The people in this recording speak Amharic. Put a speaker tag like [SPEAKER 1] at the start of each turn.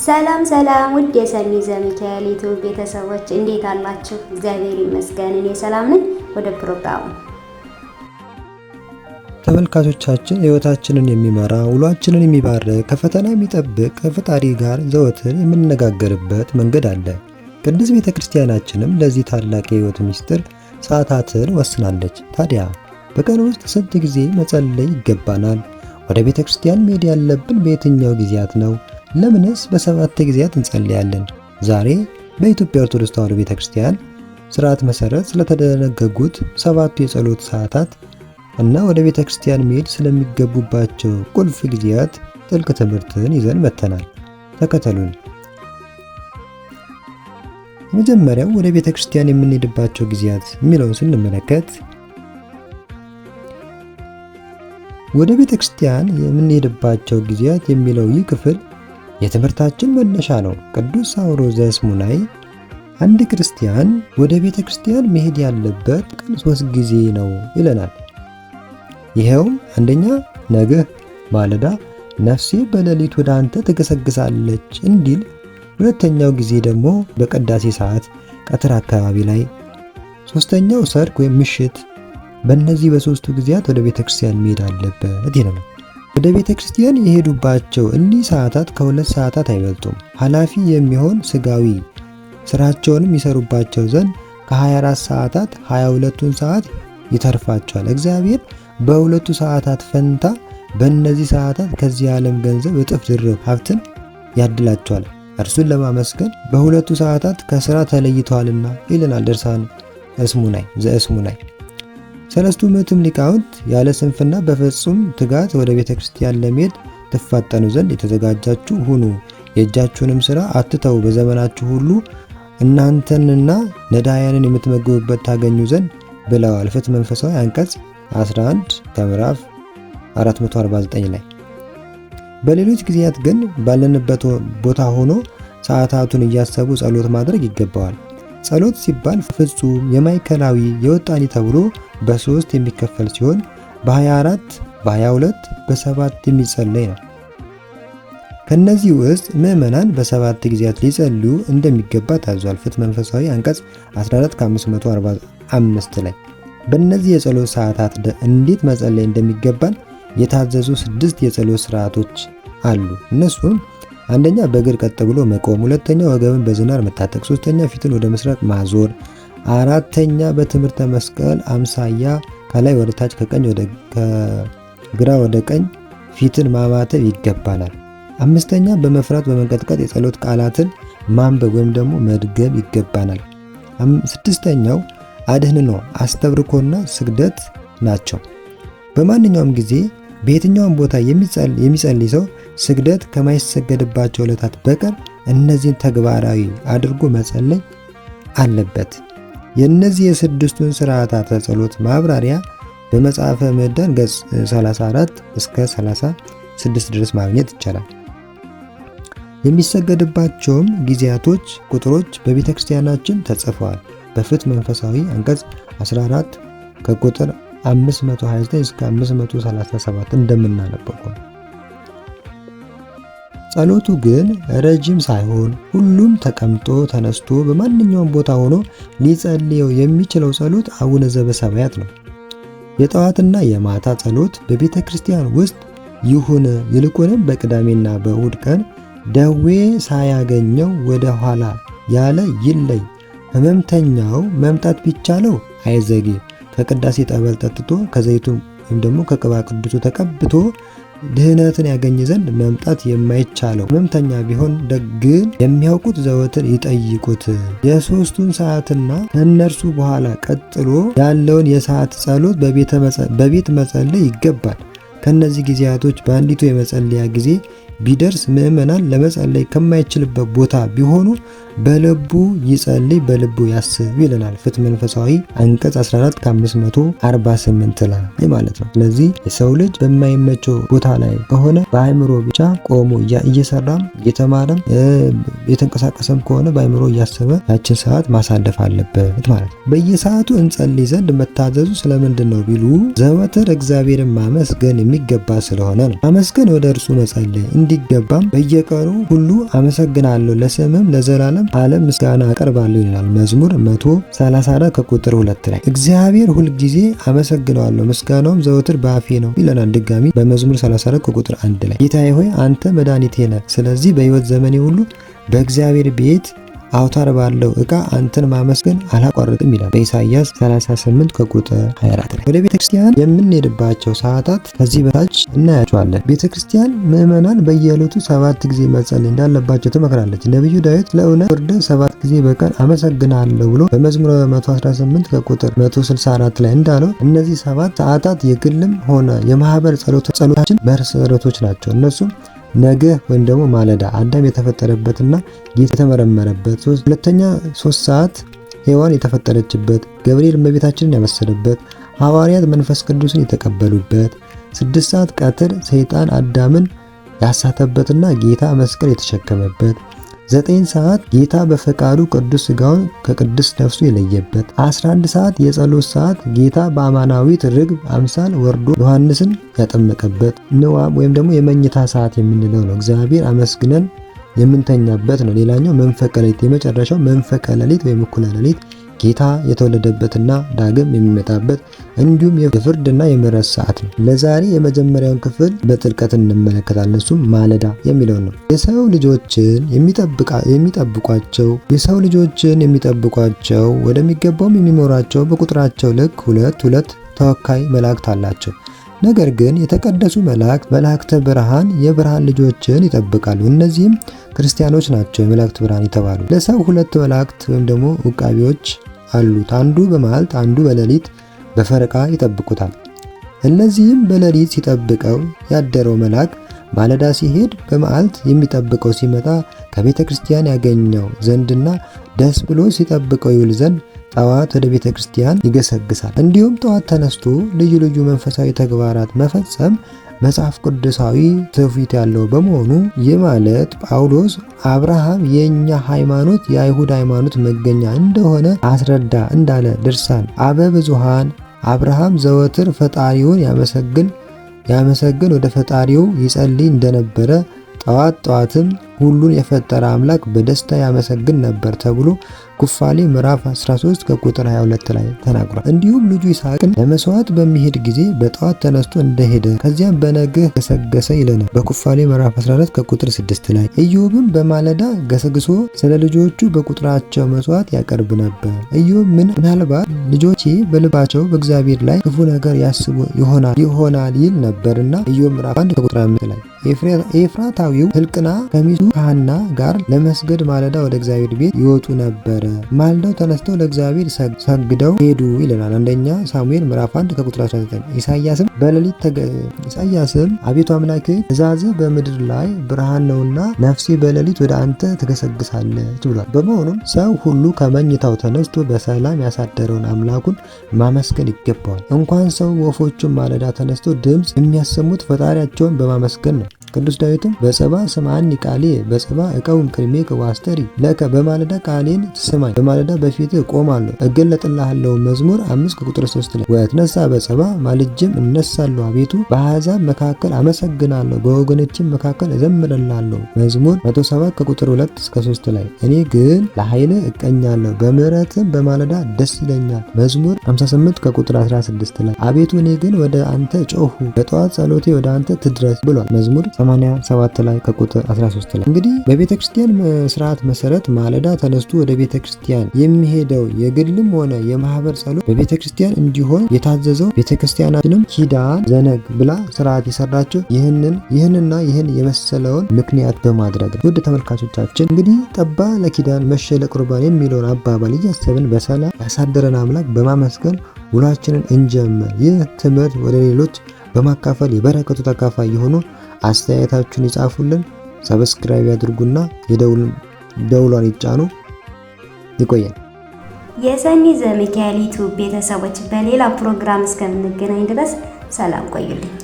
[SPEAKER 1] ሰላም ሰላም ውድ የሰኒ ዘሚካኤል ዩቲዩብ ቤተሰቦች እንዴት አላችሁ? እግዚአብሔር ይመስገን እኔ ሰላም ነኝ። ወደ ፕሮግራሙ ተመልካቾቻችን፣ ህይወታችንን የሚመራ ውሏችንን የሚባርክ ከፈተና የሚጠብቅ ከፈጣሪ ጋር ዘወትር የምንነጋገርበት መንገድ አለ። ቅድስት ቤተ ክርስቲያናችንም ለዚህ ታላቅ የህይወት ምስጢር ሰዓታትን ወስናለች። ታዲያ በቀን ውስጥ ስንት ጊዜ መጸለይ ይገባናል? ወደ ቤተ ክርስቲያን መሄድ ያለብን በየትኛው ጊዜያት ነው? ለምንስ በሰባት ጊዜያት እንጸልያለን? ዛሬ በኢትዮጵያ ኦርቶዶክስ ተዋሕዶ ቤተክርስቲያን ስርዓት መሰረት ስለተደነገጉት ሰባቱ የጸሎት ሰዓታት እና ወደ ቤተ ክርስቲያን መሄድ ስለሚገቡባቸው ቁልፍ ጊዜያት ጥልቅ ትምህርትን ይዘን መጥተናል። ተከተሉን። መጀመሪያው ወደ ቤተ ክርስቲያን የምንሄድባቸው ጊዜያት የሚለውን ስንመለከት ወደ ቤተ ክርስቲያን የምንሄድባቸው ጊዜያት የሚለው ይህ ክፍል የትምህርታችን መነሻ ነው። ቅዱስ ሳዊሮስ ዘስሙናይ አንድ ክርስቲያን ወደ ቤተ ክርስቲያን መሄድ ያለበት ቀን ሶስት ጊዜ ነው ይለናል። ይኸውም አንደኛ ነግህ ማለዳ ነፍሴ በሌሊት ወደ አንተ ትገሰግሳለች እንዲል፣ ሁለተኛው ጊዜ ደግሞ በቀዳሴ ሰዓት ቀትር አካባቢ ላይ፣ ሶስተኛው ሰርክ ወይም ምሽት። በእነዚህ በሶስቱ ጊዜያት ወደ ቤተ ክርስቲያን መሄድ አለበት ይለናል። ወደ ቤተ ክርስቲያን የሄዱባቸው እኒህ ሰዓታት ከሁለት ሰዓታት አይበልጡም። ኃላፊ የሚሆን ስጋዊ ስራቸውንም ይሰሩባቸው ዘንድ ከ24 ሰዓታት 22ቱን ሰዓት ይተርፋቸዋል። እግዚአብሔር በሁለቱ ሰዓታት ፈንታ በእነዚህ ሰዓታት ከዚህ ዓለም ገንዘብ እጥፍ ድርብ ሀብትን ያድላቸዋል። እርሱን ለማመስገን በሁለቱ ሰዓታት ከስራ ተለይተዋልና ይለናል ድርሳኑ እስሙናይ ዘእስሙናይ ሰለስቱ ምዕቱም ሊቃውንት ያለ ስንፍና በፍጹም ትጋት ወደ ቤተ ክርስቲያን ለመሄድ ትፋጠኑ ዘንድ የተዘጋጃችሁ ሁኑ፣ የእጃችሁንም ሥራ አትተው፣ በዘመናችሁ ሁሉ እናንተንና ነዳያንን የምትመግቡበት ታገኙ ዘንድ ብለዋል። ፍት መንፈሳዊ አንቀጽ 11 ከምዕራፍ 449 ላይ። በሌሎች ጊዜያት ግን ባለንበት ቦታ ሆኖ ሰዓታቱን እያሰቡ ጸሎት ማድረግ ይገባዋል። ጸሎት ሲባል ፍጹም የማዕከላዊ የወጣኒ ተብሎ በሶስት የሚከፈል ሲሆን በ24 በ22 በሰባት የሚጸለይ ነው። ከነዚህ ውስጥ ምዕመናን በሰባት ጊዜያት ሊጸልዩ እንደሚገባ ታዟል። ፍት መንፈሳዊ አንቀጽ 14545 ላይ በእነዚህ የጸሎት ሰዓታት እንዴት መጸለይ እንደሚገባን የታዘዙ ስድስት የጸሎት ስርዓቶች አሉ። እነሱም አንደኛ በእግር ቀጥ ብሎ መቆም፣ ሁለተኛ ወገብን በዝናር መታጠቅ፣ ሶስተኛ ፊትን ወደ ምስራቅ ማዞር፣ አራተኛ በትምህርተ መስቀል አምሳያ ከላይ ወደ ታች ከቀኝ ወደ ወደ ቀኝ ፊትን ማማተብ ይገባናል። አምስተኛ በመፍራት በመንቀጥቀጥ የጸሎት ቃላትን ማንበብ ወይም ደግሞ መድገም ይገባናል። ስድስተኛው አድህንኖ አስተብርኮና ስግደት ናቸው። በማንኛውም ጊዜ በየትኛውም ቦታ የሚጸልይ ሰው ስግደት ከማይሰገድባቸው ዕለታት በቀር እነዚህን ተግባራዊ አድርጎ መጸለይ አለበት። የእነዚህ የስድስቱን ስርዓታተ ጸሎት ማብራሪያ በመጽሐፈ ምዕዳን ገጽ 34 እስከ 36 ድረስ ማግኘት ይቻላል። የሚሰገድባቸውም ጊዜያቶች ቁጥሮች በቤተ ክርስቲያናችን ተጽፈዋል። በፍትሕ መንፈሳዊ አንቀጽ 14 ከቁጥር 529 እስከ 537 እንደምናነበው ነው። ጸሎቱ ግን ረጅም ሳይሆን ሁሉም ተቀምጦ ተነስቶ በማንኛውም ቦታ ሆኖ ሊጸልየው የሚችለው ጸሎት አቡነ ዘበሰማያት ነው። የጠዋትና የማታ ጸሎት በቤተ ክርስቲያን ውስጥ ይሁን፣ ይልቁንም በቅዳሜና በእሁድ ቀን ደዌ ሳያገኘው ወደ ኋላ ያለ ይለይ፣ ህመምተኛው መምጣት ቢቻለው አይዘግይ ከቅዳሴ ጠበል ጠጥቶ ከዘይቱ ወይም ደግሞ ከቅባ ቅዱሱ ተቀብቶ ድህነትን ያገኝ ዘንድ መምጣት የማይቻለው መምተኛ ቢሆን ደግን የሚያውቁት ዘወትር ይጠይቁት። የሶስቱን ሰዓትና ከእነርሱ በኋላ ቀጥሎ ያለውን የሰዓት ጸሎት በቤት መጸለይ ይገባል። ከእነዚህ ጊዜያቶች በአንዲቱ የመጸለያ ጊዜ ቢደርስ ምእመናን ለመጸለይ ከማይችልበት ቦታ ቢሆኑ በልቡ ይጸልይ፣ በልቡ ያስብ ይለናል ፍት መንፈሳዊ አንቀጽ 14 548 ላይ ማለት ነው። ስለዚህ የሰው ልጅ በማይመቸው ቦታ ላይ ከሆነ በአእምሮ ብቻ ቆሞ እየሰራም እየተማረም የተንቀሳቀሰም ከሆነ በአእምሮ እያሰበ ያችን ሰዓት ማሳለፍ አለበት ማለት ነው። በየሰዓቱ እንጸልይ ዘንድ መታዘዙ ስለምንድን ነው ቢሉ ዘወትር እግዚአብሔርን ማመስገን የሚገባ ስለሆነ ነው። ማመስገን ወደ እርሱ መጸለይ እንዲገባም በየቀኑ ሁሉ አመሰግናለሁ፣ ለስምም ለዘላለም ዓለም ምስጋና አቀርባለሁ ይላል መዝሙር 134 ከቁጥር 2 ላይ። እግዚአብሔር ሁልጊዜ አመሰግነዋለሁ፣ ምስጋናውም ዘወትር በአፌ ነው ይለናል። ድጋሚ በመዝሙር 34 ከቁጥር 1 ላይ ጌታዬ ሆይ አንተ መድኃኒቴ ነህ። ስለዚህ በሕይወት ዘመኔ ሁሉ በእግዚአብሔር ቤት አውታር ባለው ዕቃ አንተን ማመስገን አላቋርጥም ይላል በኢሳይያስ 38 ከቁጥር 24 ላይ። ወደ ቤተ ክርስቲያን የምንሄድባቸው ሰዓታት ከዚህ በታች እናያቸዋለን። ቤተ ክርስቲያን ምዕመናን በየዕለቱ ሰባት ጊዜ መጸለይ እንዳለባቸው ትመክራለች። ነቢዩ ዳዊት ለእውነት ወርደ ሰባት ጊዜ በቀን አመሰግናለሁ ብሎ በመዝሙረ 118 ከቁጥር 164 ላይ እንዳለው እነዚህ ሰባት ሰዓታት የግልም ሆነ የማህበር ጸሎታችን መሰረቶች ናቸው። እነሱም ነገ ወይም ደግሞ ማለዳ አዳም የተፈጠረበትና ጌታ የተመረመረበት፣ ሁለተኛ ሶስት ሰዓት ሔዋን የተፈጠረችበት፣ ገብርኤል እመቤታችንን ያመሰለበት፣ ሐዋርያት መንፈስ ቅዱስን የተቀበሉበት፣ ስድስት ሰዓት ቀትር ሰይጣን አዳምን ያሳተበትና ጌታ መስቀል የተሸከመበት ዘጠኝ ሰዓት ጌታ በፈቃዱ ቅዱስ ሥጋውን ከቅዱስ ነፍሱ የለየበት፣ 11 ሰዓት የጸሎት ሰዓት ጌታ በአማናዊት ርግብ አምሳል ወርዶ ዮሐንስን ያጠመቀበት ንዋም ወይም ደግሞ የመኝታ ሰዓት የምንለው ነው። እግዚአብሔር አመስግነን የምንተኛበት ነው። ሌላኛው መንፈቀ ሌሊት፣ የመጨረሻው መንፈቀ ሌሊት ወይም እኩለ ሌሊት ጌታ የተወለደበትና ዳግም የሚመጣበት እንዲሁም የፍርድና የምህረት ሰዓት ነው። ለዛሬ የመጀመሪያውን ክፍል በጥልቀት እንመለከታለን። እሱም ማለዳ የሚለውን ነው። የሰው ልጆችን የሚጠብቋቸው የሰው ልጆችን የሚጠብቋቸው ወደሚገባውም የሚመሯቸው በቁጥራቸው ልክ ሁለት ሁለት ተወካይ መላእክት አላቸው። ነገር ግን የተቀደሱ መላእክት መላእክተ ብርሃን የብርሃን ልጆችን ይጠብቃሉ። እነዚህም ክርስቲያኖች ናቸው። የመላእክት ብርሃን የተባሉ ለሰው ሁለት መላእክት ወይም ደግሞ ውቃቢዎች አሉት። አንዱ በመዓልት አንዱ በሌሊት በፈረቃ ይጠብቁታል። እነዚህም በሌሊት ሲጠብቀው ያደረው መልአክ ማለዳ ሲሄድ በመዓልት የሚጠብቀው ሲመጣ ከቤተ ክርስቲያን ያገኘው ዘንድና ደስ ብሎ ሲጠብቀው ይውል ዘንድ ጠዋት ወደ ቤተ ክርስቲያን ይገሰግሳል። እንዲሁም ጠዋት ተነስቶ ልዩ ልዩ መንፈሳዊ ተግባራት መፈጸም መጽሐፍ ቅዱሳዊ ትውፊት ያለው በመሆኑ ይህ ማለት ጳውሎስ አብርሃም የእኛ ሃይማኖት የአይሁድ ሃይማኖት መገኛ እንደሆነ አስረዳ እንዳለ ድርሳን አበ ብዙሃን አብርሃም ዘወትር ፈጣሪውን ያመሰግን ያመሰግን ወደ ፈጣሪው ይጸልይ እንደነበረ ጠዋት ጠዋትም ሁሉን የፈጠረ አምላክ በደስታ ያመሰግን ነበር ተብሎ ኩፋሌ ምዕራፍ 13 ከቁጥር 22 ላይ ተናግሯል። እንዲሁም ልጁ ይስሐቅን ለመስዋዕት በሚሄድ ጊዜ በጠዋት ተነስቶ እንደሄደ ከዚያም በነግህ ገሰገሰ ይለናል በኩፋሌ ምዕራፍ 14 ከቁጥር 6 ላይ። ኢዮብም በማለዳ ገሰግሶ ስለ ልጆቹ በቁጥራቸው መስዋዕት ያቀርብ ነበር። ኢዮብ ምን ምናልባት ልጆቼ በልባቸው በእግዚአብሔር ላይ ክፉ ነገር ያስቡ ይሆናል ይሆናል ይል ነበርና ኢዮብ ምዕራፍ 1 ከቁጥር 5 ላይ ኤፍራታዊው ህልቅና ከሚስቱ ከሐና ጋር ለመስገድ ማለዳ ወደ እግዚአብሔር ቤት ይወጡ ነበረ። ማልደው ተነስተው ለእግዚአብሔር ሰግደው ሄዱ ይለናል። አንደኛ ሳሙኤል ምዕራፍ 1 ከቁጥር 19። ኢሳያስም በሌሊት ተገ ኢሳያስም አቤቱ አምላክ ትእዛዝ በምድር ላይ ብርሃን ነውና ነፍሴ በሌሊት ወደ አንተ ትገሰግሳለች ብሏል። በመሆኑም ሰው ሁሉ ከመኝታው ተነስቶ በሰላም ያሳደረውን አምላኩን ማመስገን ይገባዋል። እንኳን ሰው ወፎቹን ማለዳ ተነስቶ ድምፅ የሚያሰሙት ፈጣሪያቸውን በማመስገን ነው። ቅዱስ ዳዊትም በጸባ ስምዓኒ ቃሌ በጸባ እቀውም ቅድሜ ዋስተሪ ለከ በማለዳ ቃሌን ትስማኝ በማለዳ በፊት ቆማለሁ እገለጥልሃለሁ። መዝሙር አምስት ከቁጥር ሶስት ላይ ወትነሳ በጸባ ማልጅም እነሳለሁ አቤቱ በአሕዛብ መካከል አመሰግናለሁ በወገኖችም መካከል እዘምርልሃለሁ። መዝሙር 107 ከቁጥር 2 እስከ 3 ላይ እኔ ግን ለኃይል እቀኛለሁ በምሕረትም በማለዳ ደስ ይለኛል። መዝሙር 58 ከቁጥር 16 ላይ አቤቱ እኔ ግን ወደ አንተ ጮሁ በጠዋት ጸሎቴ ወደ አንተ ትድረስ ብሏል። መዝሙር 87 ላይ ከቁጥር 13 ላይ እንግዲህ በቤተ ክርስቲያን ስርዓት መሰረት ማለዳ ተነስቶ ወደ ቤተ ክርስቲያን የሚሄደው የግልም ሆነ የማህበር ጸሎት በቤተ ክርስቲያን እንዲሆን የታዘዘው ቤተ ክርስቲያናችንም ኪዳን ዘነግ ብላ ስርዓት የሰራችው ይህንን ይህንና ይህን የመሰለውን ምክንያት በማድረግ ነው። ውድ ተመልካቾቻችን እንግዲህ ጠባ ለኪዳን መሸ ለቁርባን የሚለውን አባባል እያሰብን በሰላም ያሳደረን አምላክ በማመስገን ውሏችንን እንጀምር። ይህ ትምህርት ወደ ሌሎች በማካፈል የበረከቱ ተካፋይ የሆኑ አስተያየታችሁን ይጻፉልን፣ ሰብስክራይብ ያድርጉና የደውሏን ይጫኑ። ይቆየን።
[SPEAKER 2] የሰኒ ዘሚካኤል ዩቲዩብ ቤተሰቦች በሌላ ፕሮግራም እስከምንገናኝ ድረስ ሰላም ቆዩልኝ።